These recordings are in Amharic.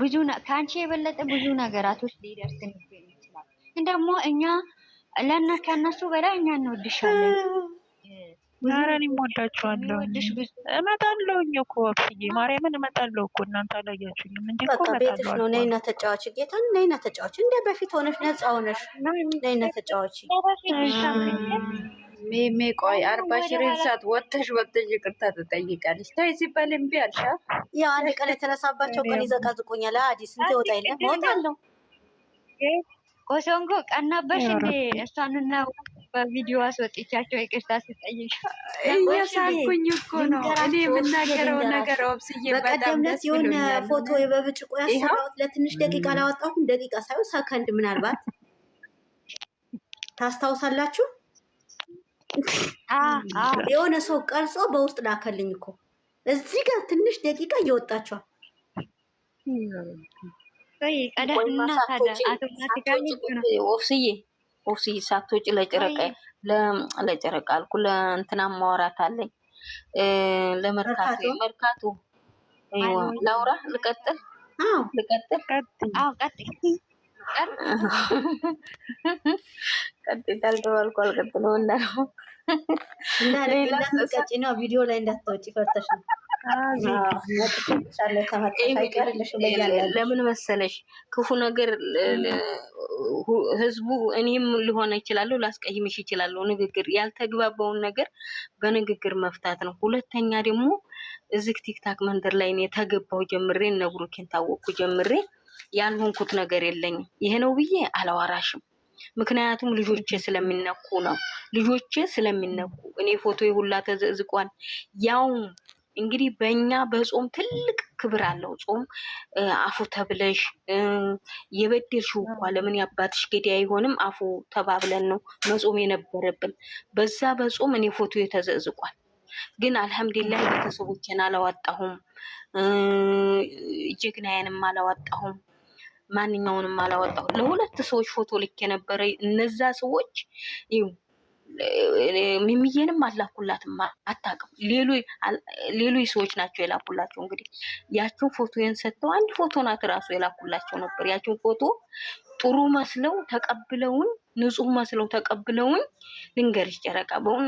ብዙ ከአንቺ የበለጠ ብዙ ነገራቶች ሊደርስን ይችላል። ደግሞ እኛ ለእና ከእነሱ በላይ እኛ እንወድሻለን። ኧረ እኔም ወዳችኋለሁ። እመጣለሁ እኮ ብዬ ማርያምን እመጣለሁ እኮ እናንተ አላያችሁኝም እንዴ? እኮ ቤትሽ ነው። ነይና ተጫዋች፣ ጌታን ነይና ተጫዋች። እንደ በፊት ሆነሽ ነፃ ሆነሽ ነይና ተጫዋች። ሜሜ ቆይ አርባ ሺህ ሰዓት ወጥተሽ ወጥተሽ ይቅርታ ትጠይቃለች። ተይ ሲባል እምቢ አልሽ። ያው አንድ ቀን የተነሳባቸው ቀን ይዘቃዝቁኛል። አዲ ስንት ወጣ የለም እወጣለሁ። ኮሶንጎ ቀናበሽ እንዴ? እሷንና በቪዲዮ አስወጥቻቸው ይቅርታ ስጠይቅ እያሳኩኝ እኮ ነው እኔ የምናገረው ነገር ብስዬ። በቀደም ዕለት የሆነ ፎቶ የበብጭቆ ያሰራሁት ለትንሽ ደቂቃ አላወጣሁም። ደቂቃ ሳይሆን ሰከንድ ምናልባት ታስታውሳላችሁ። የሆነ ሰው ቀርጾ በውስጥ ላከልኝ እኮ እዚህ ጋር ትንሽ ደቂቃ እየወጣቸዋል። ኦፍስዬ ኦፍስዬ ሳትወጪ ለጨረቃ ለጨረቃ አልኩ ለእንትና ማውራት አለኝ ለመርካቶ መርካቶ ላውራ ልቀጥል ልቀጥል ቀጥ ቀጥ ቀጥ አልቀጥለው እና ነው እና እንዳትቀጪ ነው ቪዲዮ ላይ እንዳትወጪ ፈርተሽ ነው። ለምን መሰለሽ ክፉ ነገር ህዝቡ እኔም ሊሆነ ይችላለሁ፣ ላስቀይምሽ ይችላለሁ። ንግግር ያልተግባባውን ነገር በንግግር መፍታት ነው። ሁለተኛ ደግሞ እዚህ ቲክታክ መንደር ላይ እኔ ተገባሁ ጀምሬ እነ ብሩኬን ታወቅኩ ጀምሬ ያልሆንኩት ነገር የለኝም። ይሄ ነው ብዬ አላዋራሽም። ምክንያቱም ልጆቼ ስለሚነኩ ነው። ልጆቼ ስለሚነኩ እኔ ፎቶ ሁላ ተዘዝቋል ያውም እንግዲህ በእኛ በጾም ትልቅ ክብር አለው። ጾም አፉ ተብለሽ የበደልሽው እንኳ ለምን ያባትሽ ጌዲያ አይሆንም አፉ ተባብለን ነው መጾም የነበረብን። በዛ በጾም እኔ ፎቶ ተዘዝቋል ግን አልሐምዱሊላህ ቤተሰቦቼን አላዋጣሁም፣ ጀግናዬንም አላዋጣሁም። ማንኛውንም አላወጣው። ለሁለት ሰዎች ፎቶ ልክ የነበረ እነዛ ሰዎች ሚሚዬንም አላኩላትም፣ አታውቅም። ሌሎች ሰዎች ናቸው የላኩላቸው። እንግዲህ ያችን ፎቶን ሰጥተው አንድ ፎቶ ናት ራሱ የላኩላቸው ነበር። ያችን ፎቶ ጥሩ መስለው ተቀብለውን፣ ንጹህ መስለው ተቀብለውን፣ ልንገርሽ ጨረቃ በሁን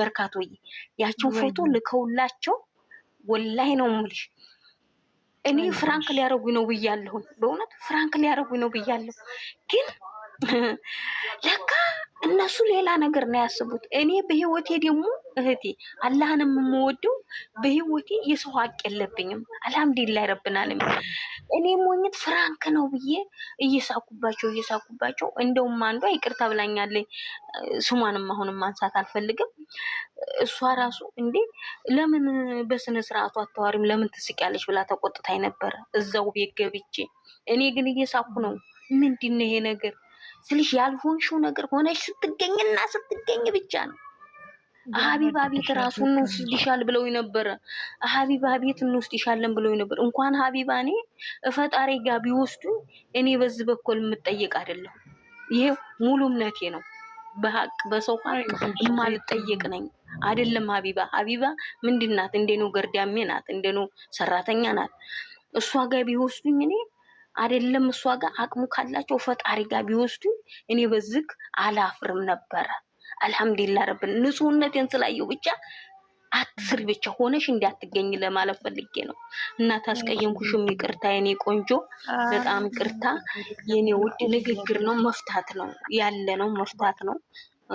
መርካቶዬ ያችን ፎቶ ልከውላቸው ወላይ ነው ምልሽ እኔ ፍራንክ ሊያረጉኝ ነው ብያለሁኝ። በእውነት ፍራንክ ሊያረጉኝ ነው ብያለሁ ግን ለካ እነሱ ሌላ ነገር ነው ያስቡት። እኔ በህይወቴ ደግሞ እህቴ አላህን የምወደው በህይወቴ የሰው ሀቅ የለብኝም። አልሐምዱሊላህ ረብናል። እኔ ሞኝት ፍራንክ ነው ብዬ እየሳኩባቸው እየሳኩባቸው፣ እንደውም አንዷ ይቅርታ ብላኛለኝ። ስሟንም አሁንም ማንሳት አልፈልግም። እሷ ራሱ እንዴ ለምን በስነ ስርዓቱ አተዋሪም ለምን ትስቂያለች ብላ ተቆጥታኝ ነበረ እዛው ቤት ገብቼ። እኔ ግን እየሳኩ ነው። ምንድን ነው ይሄ ነገር ስልሽ ያልሆንሽው ነገር ሆነሽ ስትገኝና ስትገኝ ብቻ ነው። ሀቢባ ቤት ራሱ እንወስድሻል ብለው ነበረ። ሀቢባ ቤት እንወስድሻለን ብለው ነበር። እንኳን ሀቢባ እኔ እፈጣሪ ጋር ቢወስዱ እኔ በዚህ በኩል የምጠየቅ አይደለሁም። ይሄ ሙሉ እምነቴ ነው። በሀቅ በሰው ሀቅ የማልጠየቅ ነኝ። አይደለም ሀቢባ ሀቢባ ምንድን ናት? ገርዳሜ ናት፣ እንደኖ ሰራተኛ ናት። እሷ ጋር ቢወስዱኝ እኔ አይደለም እሷ ጋር አቅሙ ካላቸው ፈጣሪ ጋር ቢወስዱ እኔ በዝግ አላፍርም ነበረ። አልሐምዱሊላ ረብን ንጹህነቴን ስላየው ብቻ አትስሪ ብቻ ሆነሽ እንዲያትገኝ ለማለት ፈልጌ ነው። እና ታስቀየምኩሽም፣ ይቅርታ የኔ ቆንጆ፣ በጣም ይቅርታ የኔ ውድ። ንግግር ነው መፍታት ነው ያለ ነው መፍታት ነው።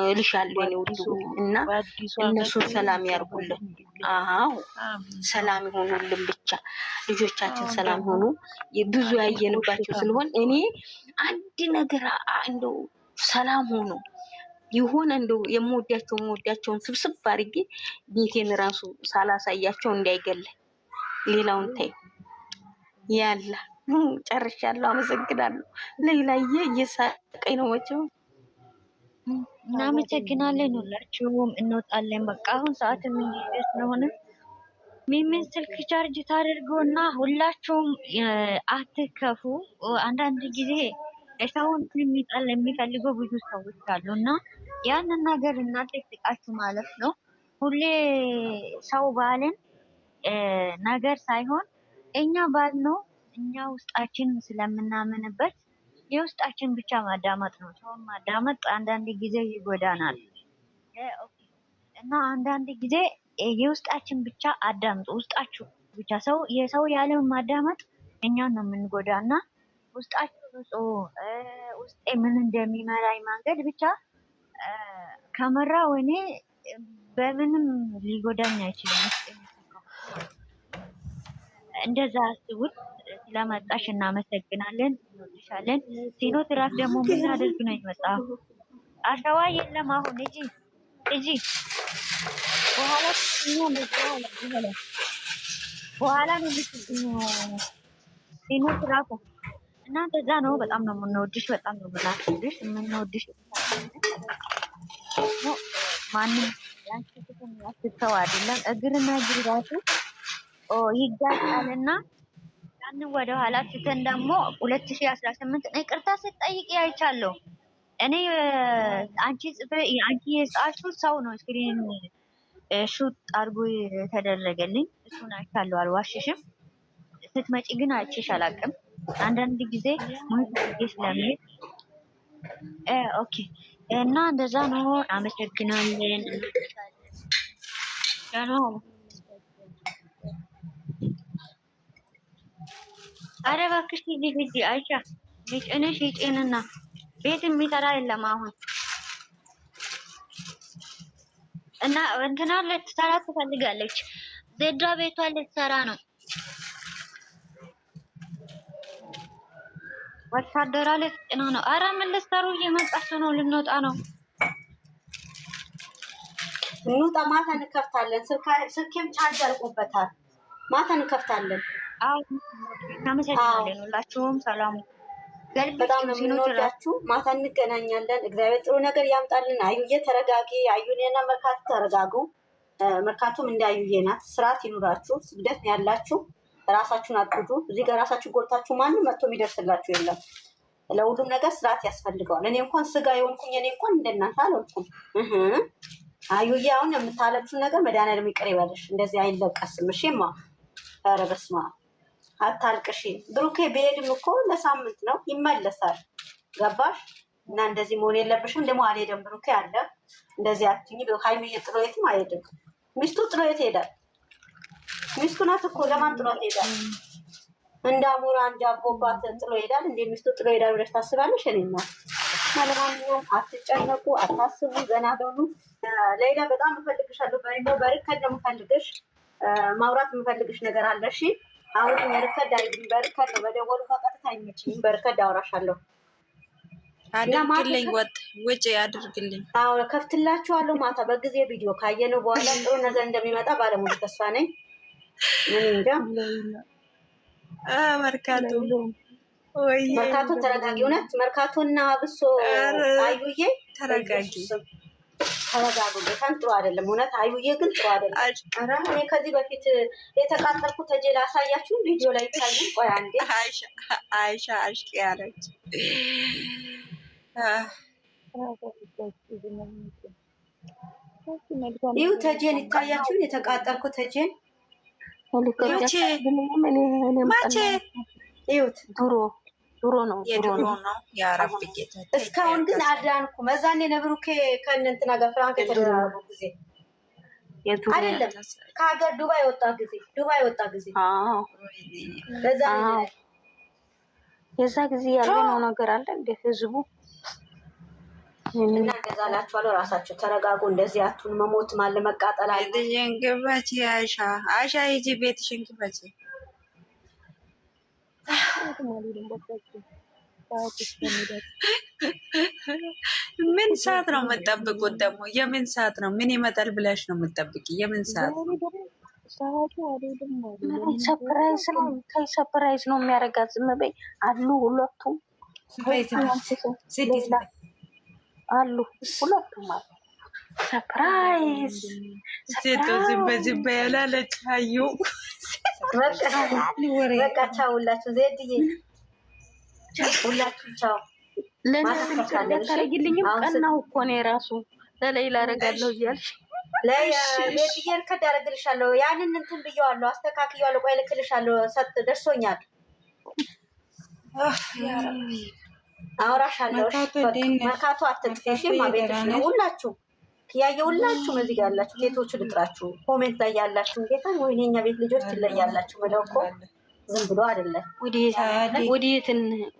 እልሻለሁ የእኔ ሁሉ እና እነሱን ሰላም ያርጉልን። አዎ ሰላም ይሆኑልን፣ ብቻ ልጆቻችን ሰላም ሆኑ። ብዙ ያየንባቸው ስለሆን እኔ አንድ ነገር እንደው ሰላም ሆኖ ይሆን እንደው የምወዳቸው የምወዳቸውን ስብስብ አድርጌ ቤቴን ራሱ ሳላሳያቸው እንዳይገለ ሌላውን ታይ ያላ ጨርሻለሁ። አመሰግናለሁ። ሌላዬ እየሳቀኝ ነው መቼም እናመሰግናለን። ሁላችሁም እንወጣለን። በቃ አሁን ሰዓት የምንሄድ ስለሆነ ሚምን ስልክ ቻርጅ ታደርጉ እና ሁላችሁም አትከፉ። አንዳንድ ጊዜ ሰውን የሚጣል የሚፈልገው ብዙ ሰዎች አሉ እና ያንን ነገር እናንተ ጥቃችሁ ነው። ሁሌ ሰው ባልን ነገር ሳይሆን እኛ ባልነው እኛ ውስጣችን ስለምናምንበት የውስጣችን ብቻ ማዳመጥ ነው። ሰውን ማዳመጥ አንዳንድ ጊዜ ይጎዳናል እና አንዳንድ ጊዜ የውስጣችን ብቻ አዳምጡ። ውስጣችሁ ብቻ ሰው የሰው ያለውን ማዳመጥ እኛን ነው የምንጎዳ እና ውስጣችሁ ውስጤ ምን እንደሚመራኝ መንገድ ብቻ ከመራ ወኔ በምንም ሊጎዳኝ አይችልም። እንደዛ አስቡት። ስለመጣሽ እናመሰግናለን፣ እንወድሻለን። ሲኖትራክ ደግሞ ምን አድርግ ነው የመጣው። አሸዋ የለም አሁን እጂ እጂ በኋላ በኋላ ሲኖትራኩ እናንተ እዛ ነው። በጣም ነው የምንወድሽ፣ በጣም ነው የምናስብሽ። የምንወድሽ ማንም ያንቺ ክፍል ያስብ ሰው አይደለም። እግርና እግር ራሱ ይጋጫልና ወደ ኋላ ትተን ደግሞ ሁለት ሺህ አስራ ስምንት ይቅርታ ስትጠይቅ አይቻለሁ። እኔ አንቺ ጽፈ አንቺ የጻፍሽው ሰው ነው ስክሪን ሹት አድርጎ የተደረገልኝ እሱን አይቻለሁ። አልዋሽሽም። ስትመጪ ግን አይቼሽ አላውቅም። አንዳንድ ጊዜ ሙት ስለሚሄድ ኦኬ። እና እንደዛ ነው። አመሰግናለን። አረ እባክሽ ሂጂ ሂጂ። አይሻ ጭንሽ ይጭንና ቤት የሚሰራ የለም አሁን እና እንትና ልትሰራ ትፈልጋለች። ዘዳ ቤቷ ልትሰራ ነው። ወታደራ ልትጭኑ ነው። አረ ምን ልትሰሩ እየመጣችሁ ነው? ልንወጣ ነው። እንውጣ። ማታ እንከፍታለን። ስልኬም ቻርጅ አልቆበታል። ማታ እንከፍታለን። እናመሰግናለን። ሁላችሁም ሰላም በጣም ነው የምንወዳችሁ። ማታ እንገናኛለን። እግዚአብሔር ጥሩ ነገር ያምጣልን። አዩዬ ተረጋጊ። አዩኔና መርካቶ ተረጋጉ። መርካቶም እንደ አዩዬ ናት። ስርዓት ይኑራችሁ። ስግደት ነው ያላችሁ። ራሳችሁን አቅዱ። እዚህ ጋር ራሳችሁ ጎድታችሁ ማንም መጥቶ የሚደርስላችሁ የለም። ለሁሉም ነገር ስርዓት ያስፈልገዋል። እኔ እንኳን ስጋ የሆንኩኝ እኔ እንኳን እንደናንተ አልሆንኩም። አዩዬ አሁን የምታለብሽው ነገር መድኃኒዓለም ይቅር ይበልሽ። እንደዚህ አይለቀስም። እሺማ ኧረ በስመ አብ አታልቅሽ። ብሩኬ ብሄድም እኮ ለሳምንት ነው ይመለሳል። ገባሽ? እና እንደዚህ መሆን የለብሽም። ደግሞ አልሄደም ብሩኬ አለ እንደዚህ አትኝ። ሀይሚ ጥሎየትም አይሄድም። ሚስቱ ጥሎየት ሄዳል። ሚስቱ ናት እኮ ለማን ጥሎት ሄዳል? እንደ አሞራ እንደ አቦባት ጥሎ ሄዳል። እንደ ሚስቱ ጥሎ ሄዳል ብለሽ ታስባለሽ? እኔ ነው ለማንኛውም አትጨነቁ፣ አታስቡ፣ ዘና በሉ። ሌላ በጣም እፈልግሻለሁ። በሪከርድ ነው የምፈልግሽ፣ ማውራት የምፈልግሽ ነገር አለሽ። አሁን በርከዳ በርከዳ በደወሉ ፈቀጥታ አይመችኝ። በርከድ አውራሻለሁ። አድርግልኝ፣ ወጥ ውጭ አድርግልኝ። አዎ ከፍትላችኋለሁ። ማታ በጊዜ ቪዲዮ ካየነው በኋላ ጥሩ ነገር እንደሚመጣ ባለሙሉ ተስፋ ነኝ። ምን እንጃ። መርካቶ መርካቶ ተረጋጊ። እውነት መርካቶና አብሶ አዩዬ ተረጋጊ። ተረጋጉ። በጣም ጥሩ አይደለም። እውነት አዩዬ ግን ጥሩ አይደለም። እኔ ከዚህ በፊት የተቃጠልኩ ተጀላ አሳያችሁ ቪዲዮ ላይ ታዩ። ቆይ አንዴ አይሻ አሽቅ ያለች ይሁ ይታያችሁን? የተቃጠልኩ ይሁት ድሮ ድሮ ነው ድሮ ነው። የአረብ ጌታ እስካሁን ግን አዳንኩ መዛን ነብሩ ከእነ ጋር ፍራንክ የተደረጉ ጊዜ አይደለም ከሀገር ዱባይ ወጣ ጊዜ ዱባይ ወጣ ጊዜ በዛ የዛ ጊዜ ያልሆነው ነገር አለ። እንዴት ህዝቡ እና እናገዛላችኋለሁ። ራሳቸው ተረጋጉ። እንደዚህ አቱን መሞት ማለ መቃጠል አለ። ግባች አይሻ አይሻ ሂጂ ቤትሽን ግባች ምን ሰዓት ነው የምጠብቁት? ደግሞ የምን ሰዓት ነው? ምን ይመጣል ብለሽ ነው የምጠብቂ? የምን ሰዓት ነው? ሰፕራይዝ ነው የሚያደርጋት። ዝም በይ አሉ ሁለቱም አሉ ሁለቱም አሉ። ሰፕራይዝ ሴቶ ዝም በዝም በያላለች አዩ በቃ ቻው ሁላችሁ፣ ዜድዬ ሁላችሁ ቻው። ለታረግልኝም ቀናሁ እኮ ነው የራሱ ለላይ ላረጋለሁ እያልሽ ለዜድዬ እርከድ ያደረግልሻለሁ። ያንን እንትን ብየዋለሁ፣ አስተካክየዋለሁ። ቆይ ልክልሻለሁ። ሰጥ ደርሶኛል። አውራሻለሁ። መርካቶ አትጥፊ። ሽማ ነው ሁላችሁ ያየውላችሁ እዚህ ጋር ያላችሁ ሴቶች ልጥራችሁ፣ ኮሜንት ላይ ያላችሁ ጌታ ወይ የኛ ቤት ልጆች ትለያላችሁ ብለው እኮ ዝም ብሎ አይደለም ወዴት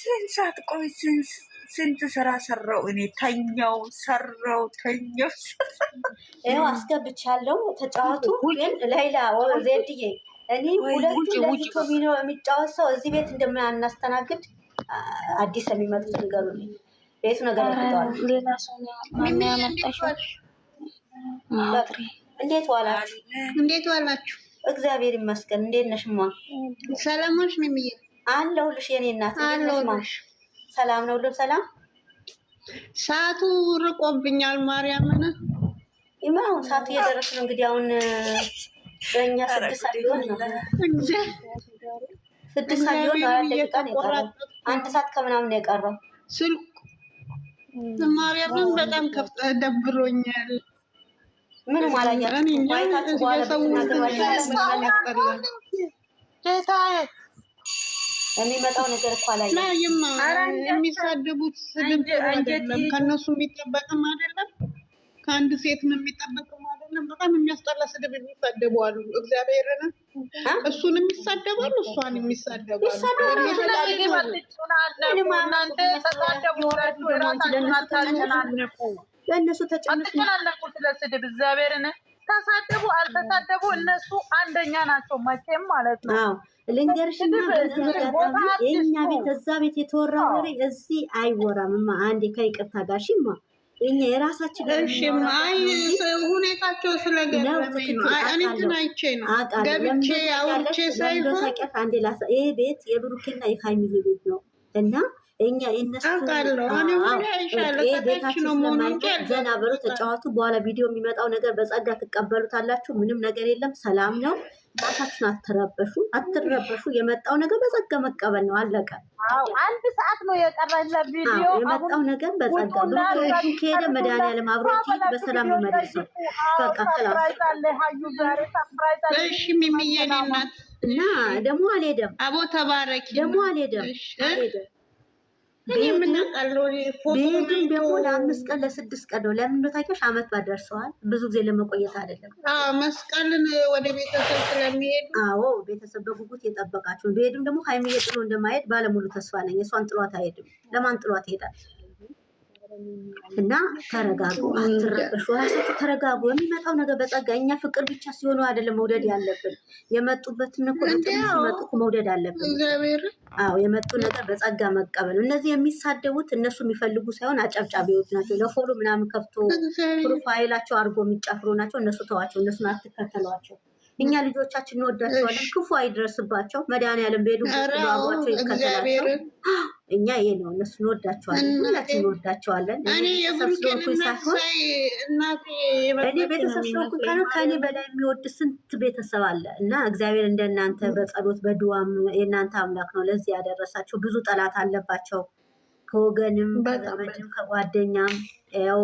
ስንት ሰዓት ቆይ፣ ስንት ስራ ሰራው እኔ። ተኛው ሰራው ተኛው። ይኸው አስገብቻለሁ። ተጫወቱ። ግን ሌላ ዜድዬ፣ እኔ ሁለቱ ለይቶ ሚኖ የሚጫወት ሰው እዚህ ቤት እንደምናስተናግድ አዲስ የሚመጡት ንገሩልኝ። ቤቱ ነገር ያመጣዋል። ሌላ እንዴት ዋላችሁ? እንዴት ዋላችሁ? እግዚአብሔር ይመስገን። እንዴት ነሽማ? ሰላሞች ነው የሚየ አለሁልሽ የኔ እናት አለሁልሽ። ሰላም ነው? ሁሉም ሰላም? ሰዓቱ ርቆብኛል ማርያምን ይማ አሁን ሰዓቱ እየደረሰ ነው። እንግዲህ አሁን በእኛ ስድስት ሰዓት ሊሆን ነው። ስድስት ሰዓት ነው። አንድ ሰዓት ከምናምን የቀረው። ስልኩ ማርያምን በጣም ከፍተ ደብሮኛል። ምንም የሚመጣው ነገር እኮ ላይ የሚሳደቡት ስድብ አይደለም፣ ከእነሱ የሚጠበቅም አይደለም፣ ከአንድ ሴትም የሚጠበቅም አይደለም። በጣም የሚያስጠላ ስድብ የሚሳደቡ አሉ። እግዚአብሔርን እሱን የሚሳደባሉ፣ እሷን የሚሳደባሉ። ለእነሱ ተጨነቁ፣ ስለ ስድብ እግዚአብሔርን ተሳደቡ አልተሳደቡ እነሱ አንደኛ ናቸው መቼም ማለት ነው። ልንገርሽና የኛ ቤት እዛ ቤት የተወራ ወሬ እዚህ አይወራምማ። አንዴ ከይቅርታ ጋር ሽማ እኛ የራሳችን ሁኔታቸው ስለገባኝ ነው። ገብቼ አውርቼ ሳይሆን ይሄ ቤት የብሩኬና የካሚዬ ቤት ነው እና እኛ ዘና በሉ፣ ተጫዋቱ። በኋላ ቪዲዮ የሚመጣው ነገር በጸጋ ትቀበሉታላችሁ። ምንም ነገር የለም፣ ሰላም ነው። ራሳችሁን አትረበሹ፣ አትረበሹ። የመጣው ነገር በጸጋ መቀበል ነው፣ አለቀ። አንድ ሰዓት ነው የቀረለ ቪዲዮ። የመጣው ነገር በጸጋ ብሩኬ ከሄደ መድኃኒዓለም አብሮት ሄድ፣ በሰላም ነው መልሰው። በቃ ክላስ ሚሚዬ ናት እና ደግሞ አልሄደም፣ አቦ ተባረኪ ደግሞ አልሄደም፣ አልሄደም ቤቱን ደግሞ ለአምስት ቀን ለስድስት ቀን ነው። ለምን ታውቂያለሽ? አመት ባደርሰዋል። ብዙ ጊዜ ለመቆየት አይደለም። መስቀልን ወደ ቤተሰብ ስለሚሄድ አዎ፣ ቤተሰብ በጉጉት የጠበቃቸው። ቢሄድም ደግሞ ሀይሚዬ ጥሎ እንደማይሄድ ባለሙሉ ተስፋ ነኝ። እሷን ጥሏት አይሄድም። ለማን ጥሏት ይሄዳል? እና ተረጋጉ፣ አትረበሹ፣ ራሳችሁ ተረጋጉ። የሚመጣው ነገር በጸጋ እኛ ፍቅር ብቻ ሲሆኑ አይደለም መውደድ ያለብን። የመጡበትን እኮ ሲመጡ መውደድ አለብን። የመጡ ነገር በጸጋ መቀበል። እነዚህ የሚሳደቡት እነሱ የሚፈልጉ ሳይሆን አጨብጫቢዎች ናቸው። ለፎሎ ምናምን ከፍቶ ፕሮፋይላቸው አድርጎ የሚጫፍሩ ናቸው። እነሱ ተዋቸው፣ እነሱን አትከተሏቸው። እኛ ልጆቻችን እንወዳቸዋለን። ክፉ አይደረስባቸው። መድኃኒዓለም በሄዱበት ባቧቸው ይከተላቸው። እኛ ይሄ ነው። እነሱ እንወዳቸዋለን፣ ሁላችን እንወዳቸዋለን። እኔ ቤተሰብ ስለሆንኩኝ ሳይሆን በላይ የሚወድ ስንት ቤተሰብ አለ እና እግዚአብሔር እንደናንተ በጸሎት በድዋም የእናንተ አምላክ ነው ለዚህ ያደረሳቸው። ብዙ ጠላት አለባቸው ከወገንም ከጓደኛም ያው